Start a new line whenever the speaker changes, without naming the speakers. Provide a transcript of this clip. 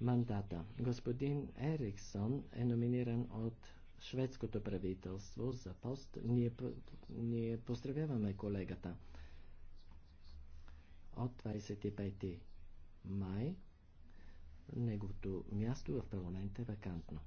мандата. Господин Ериксон е номиниран от шведското правителство за пост. Ние, ние поздравяваме колегата. От 25 май неговото място в парламента е вакантно.